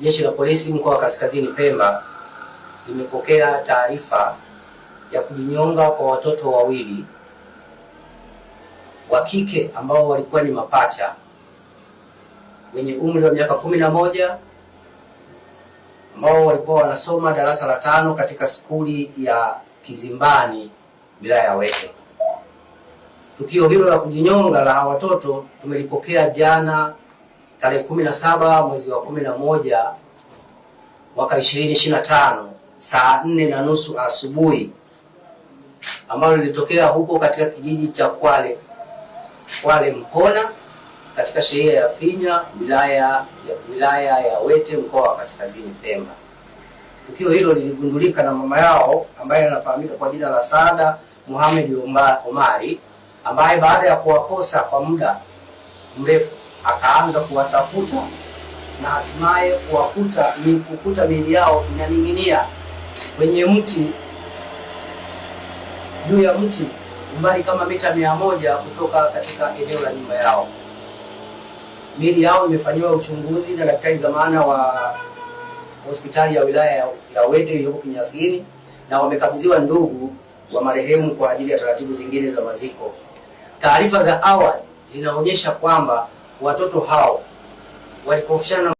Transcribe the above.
Jeshi la Polisi mkoa wa Kaskazini Pemba limepokea taarifa ya kujinyonga kwa watoto wawili wa kike ambao walikuwa ni mapacha wenye umri wa miaka kumi na moja ambao walikuwa wanasoma darasa la tano katika skuli ya Kizimbani wilaya ya Wete. Tukio hilo la kujinyonga la hawa watoto tumelipokea jana tarehe kumi na saba mwezi wa kumi na moja mwaka ishirini ishirini na tano saa nne na nusu asubuhi ambalo lilitokea huko katika kijiji cha Kwale Kwale Mpona katika shehia ya Finya wilaya ya wilaya ya Wete mkoa wa Kaskazini Pemba. Tukio hilo liligundulika na mama yao ambaye anafahamika kwa jina la Saada muhamed Omari ambaye baada ya kuwakosa kwa muda mrefu akaanza kuwatafuta na hatimaye kuwakuta kukuta mili yao inaning'inia kwenye mti juu ya mti umbali kama mita mia moja kutoka katika eneo la nyumba yao. Mili yao imefanyiwa uchunguzi na daktari za maana wa hospitali ya wilaya ya Wete iliyoko Kinyasini na wamekabidhiwa ndugu wa marehemu kwa ajili ya taratibu zingine za maziko. Taarifa za awali zinaonyesha kwamba watoto hao walikofishana